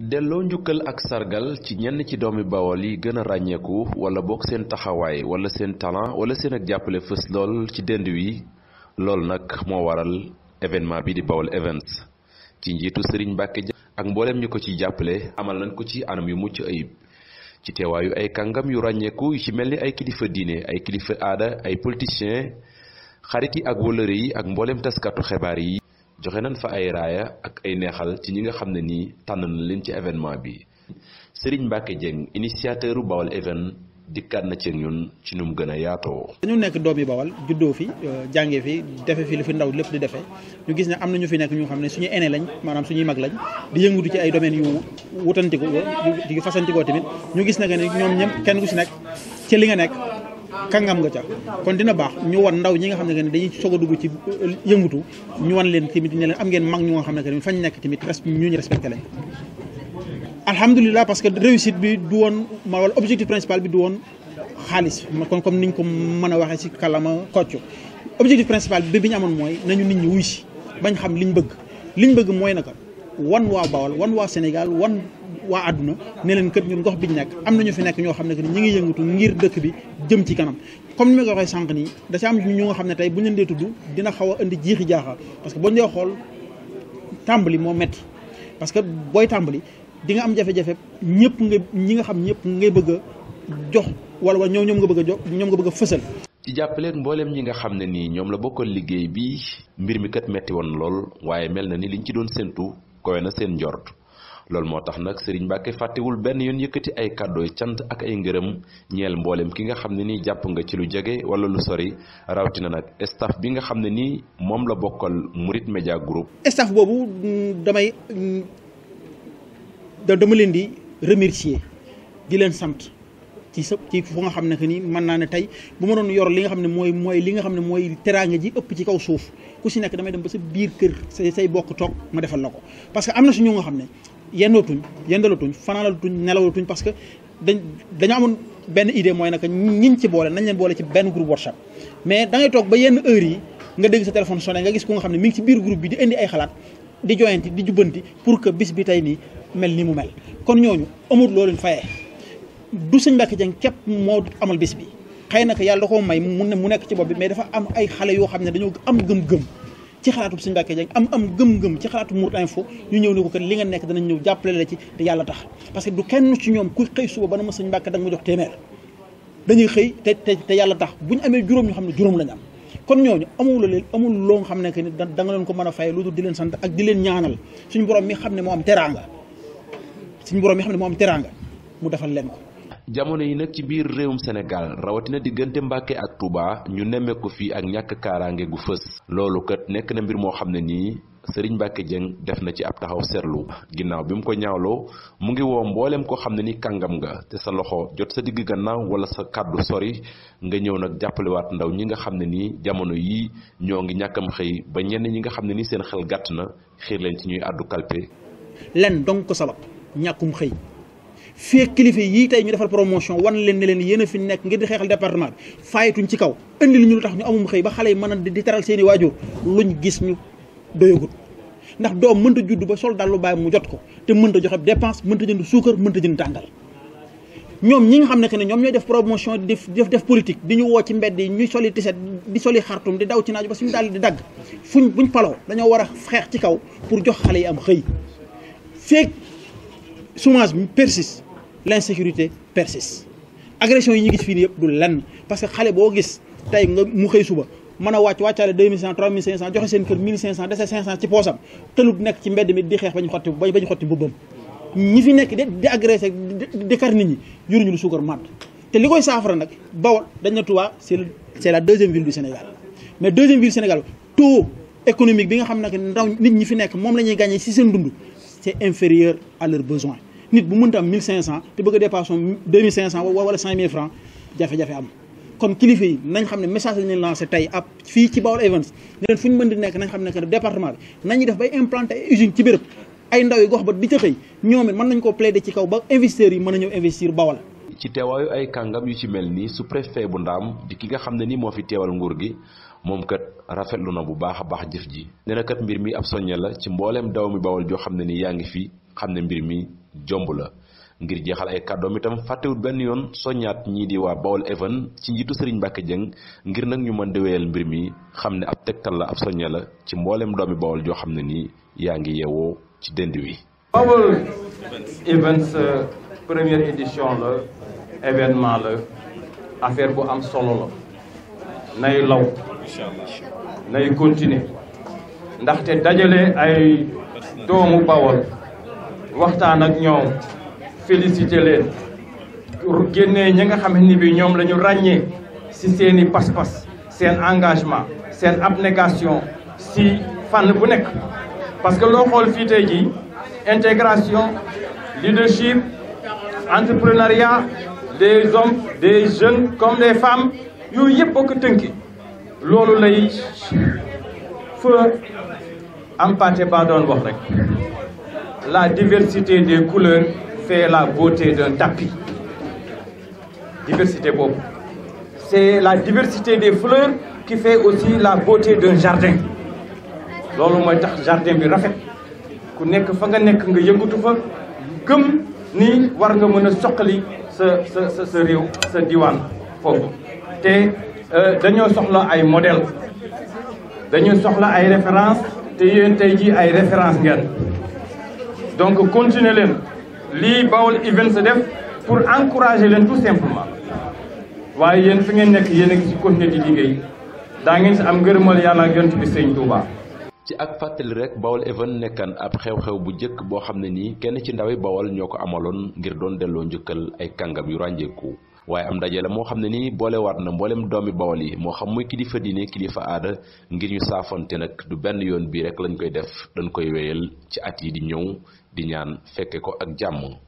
delloo njukkal ak sargal ci ñenn ci doomi bawol yi gën a ràññeeku wala bokk seen taxawaay wala seen talent wala seen ak jàppale fës lool ci dend wi loolu nag moo waral événement bi di Baol Events ci njiitu Serigne Mbacke ak mboolem ñu ko ci jàppale amal nañ ko ci anam yu mucc ayib ci teewaayu ay kàngam yu ràññeeku yu ci mel ni ay kilifa diine ay kilifa aada ay politiciens xarit yi ak wëllëre yi ak mboolem taskatu xibaar yi. joxe nañ fa ay raaya ak ay neexal ci ñi nga xam ne nii tànn na leen ci événement bi Serigne Mbacke Dieng initiateur u Bawal Event dikkaat na ci ñun ci nu mu gën a yaatoo. dañu nekk doomi Bawal juddoo fi euh, jàngee fi defe fi li fi ndaw lépp di defe ñu gis ne am na ñu fi nekk ñu xam ne suñu aîné lañ maanaam suñuy mag lañ di yëngutu ci ay domaines yu wutantikoo di fasantikoo tamit ñu gis nag ne ñoom ñëpp kenn gu si nekk ci li nga nekk. kàngam nga ca kon dina baax ñu wan ndaw ñi nga xam ne dañuy soog a dugg ci euh, yëngutu ñu wan leen tamit ne leen am ngeen mag ñu nga xam ne que fañ nekk tamit ñu ñu respecté leen. alhamdulilah parce que réussite bi du woon ma wala objectif principal bi du woon xaalis kon comme ni ñu ko mën a waxee si kàllaama kocc objectif principal bi bi ñu amoon mooy nañu nit ñi wuy si bañ xam liñ bëgg liñ bëgg mooy naka wan waa Bawol wan waa Sénégal wan. waa àdduna ne leen kët ñun gox biñ nekk am nañu fi nekk ñoo xam ne ni ñi ngi yëngatu ngir dëkk bi jëm ci kanam comme ni ma ko waxee sànq nii da am ñu nga xam ne tey bu ñu ne dee tudd dina xaw a indi jiixi jaaxa parce que boo dee xool tàmbali moo metti parce que booy tàmbali di nga am jafe-jafe ñëpp nga ñi nga xam ñëpp ngay bëgg a jox wala wala ñoom ñoom nga bëgg a jox ñoom nga bëgg a fësal ci jàppaleen mbooleem ñi nga xam ne nii ñoom la bokkal liggéey bi mbir mi kat metti woon lool waaye mel na ni liñ ci doon séentu kowe na seen njort loolu moo tax nag Serigne Mbacke fàttewul benn yoon yëkkati ay kàddooy cant ak ay ngërëm ñeel mboolem ki nga xam ne nii jàpp nga ci lu jege wala lu sori rawatina nag staff bi nga xam ne nii moom la bokkal Mouride Media Group. staff boobu mm, damay mm, dama leen di remercier di leen sant. ci sa ci fu nga xam ne que ni mën naa ne tey bu ma doon yor li nga xam ne mooy mooy li nga xam ne mooy teraanga ji ëpp ci kaw suuf ku si nekk damay dem ba sa biir kër say say bokk toog ma defal la ko parce que am na suñu nga xam ne yendootuñ yendalatuñ fanaanalatuñ nelawatuñ parce que dañ dañoo amoon benn idée mooy naka ñiñ ci boole nañ leen boole ci benn groupe WhatsApp mais da toog ba yenn heure yi nga dégg sa téléphone sonné nga gis ku nga xam ne mi ngi ci biir groupe bi di indi ay xalaat di joyanti di pour que bis bi tey nii mel ni mu mel kon ñooñu amut loolu ñu fayee du sëñ Mbacke Dieng képp moo amal bis xëy na yàlla da koo may mu ne mu nekk ci bopp bi mais dafa am ay xale yoo xam ne dañoo am gëm-gëm ci xalaatub suñu Mbàkke Jeng am am gëm-gëm ci xalaatu Mourides Info ñu ñëw ne ko kat li nga nekk danañ ñëw jàppale la ci te yàlla tax parce que du kenn ci ñoom ku xëy suba ba na ma suñu Mbàkke da nga ma jox téeméer dañuy xëy te te te yàlla tax bu ñu amee juróom ñu xam ne juróom lañu am kon ñooñu amul leen amul loo xam ne que ni da nga leen ko mën a fay lu dul di leen sant ak di leen ñaanal suñu borom mi xam ne moo am teraanga suñu borom mi xam ne moo am mu defal leen ko jamono yi nag ci biir réewum senegal rawatina diggante Mbàkke ak Touba ñu nemmeeku fii ak ñàkk kaaraange gu fës loolu kat nekk na mbir moo xam ne nii Serigne Mbacke Dieng def na ci ab taxaw seetlu ginnaaw bi mu ko ñaawloo mu ngi woo mbooleem ko xam ne ni kàngam nga te sa loxo jot sa digg gannaaw wala sa kàddu sori nga ñëw nag jàppalewaat ndaw ñi nga xam ne nii jamono yii ñoo ngi ñàkkam xëy ba ñenn ñi nga xam ne ni seen xel gàtt na xiir leen ci ñuy àddu fii ak kilifa yii tey ñu defar promotion wan leen ne leen yéen a fi nekk ngir di xeexal département fayetuñ ci kaw indi li ñu lu tax ñu amum xëy ba xale yi mën na di teral seeni i waajur luñ gis ñu doyagut ndax doom mënta judd ba sol daal lu bàyyi mu jot ko te mënta joxe dépense mënta jënd suukar mënta jënd tàngal ñoom ñi nga xam ne que ne ñoom ñooy def promotion di def def politique di ñu woo ci mbedd yi ñuy soli tiset di soli xartum di daw ci naaj ba suñu daal di dagg fuñ buñ paloo dañoo war a xeex ci kaw pour jox xale yi am xëy feeg chômage persiste l'insécurité persiste agression yi ñu gis fii nii yëpp du lenn parce que xale boo gis tey nga mu xëy suba mën a wàcc wàccaale 2500 3500 joxe seen kër 1500 dese 500 ci poosam tëlut nekk ci mbedd mi di xeex ba ñu xotti ba ñu xotti mbubbam ñi fi nekk di agressé di kar nit ñi yoruñu lu suukar màtt te li koy saafara nag Bawol dañ na Touba c'est la deuxième ville du Sénégal mais deuxième ville Sénégal taux économique bi nga xam ne ndaw nit ñi fi nekk moom la ñuy gagné ci seen dund c'est inférieur à leurs nit bu mënta am 1500 te bëgg a dépassé 2500 wala 5000 francs jafe-jafe am kon kilifa yi nañ xam ne message lañ leen lancé tey ab fii ci Baol Events ne leen fu ñu mën di nekk nañ xam ne que département bi nañuy def bay implanté ay usine ci béréb ay ndaw yi gox ba di ca xëy ñoom it mën nañ ko plaider ci kaw ba investisseurs yi mën a ñëw investir Baol ci teewaayu ay kàngam yu ci mel nii su préfet bu ndaam di ki nga xam ne ni moo fi teewal nguur gi moom kat rafetlu na bu baax a baax jëf ji nee mbir mi ab soññe la ci mbooleem daw mi Baol joo xam ne ni yaa ngi fi xam ne mbir mi jomb la ngir jeexal ay kàddoom itam fàttewut benn yoon soññaat ñii di waa Baol Even ci njiitu Serigne Mbacke Dieng ngir nag ñu mën di mbir mi xam ne ab tegtal la ab soññe la ci mboolem doomi Baol joo xam ne nii yaa ngi yeewoo ci dënd wi. Baol Events euh, première édition la événement la affaire bu am solo la nay law nay continuer ndaxte dajale ay doomu Baol. waxtaan ak ñoom félicité leen génnee ñi nga xam ne bi ñoom la ñu ràññee si seen i pas-pas seen engagement seen abnégation si fànn bu nekk parce que loo fii te jii intégration leadership entrepreneuriat des hommes des jeunes comme des femmes yooyu yëpp boo ko tënki loolu lay fa Hampâté Bâ doon wax rek la diversité des couleurs fait la beauté d'un tapis diversité boobu c'est la diversité des fleurs qui fait aussi la beauté d'un jardin loolu mooy tax jardin bi rafet ku nekk fa nga nekk nga yëngatu fa gëm ni war nga mën a soqali sa sa sa réew sa diwaan foofu te euh, dañoo soxla ay modèle dañoo soxla ay référence te yéen tey ji ay référence ngeen donc continuer leen lii Baol Events def pour encourager leen tout simplement waaye yéen fi ngeen nekk yéen a ngi ci continuer di liggéey daa ngeen si am ngërëmal yàlla ak yonent bi sëñ Touba. ci ak fàttali rek Baol Events nekkan ab xew-xew bu njëkk boo xam ne nii kenn ci ndawi Baol ñoo ko amaloon ngir doon delloo njëkkal ay kàngam yu ràññeeku. waaye am ndaje la moo xam ne nii boolewaat na mboolem doomi bawol yi moo xam muy kilifa diine kilifa aada ngir ñu saafante nag du benn yoon bii rek lañu koy def dañ koy wéyal ci at yi di ñëw di ñaan fekke ko ak jàmm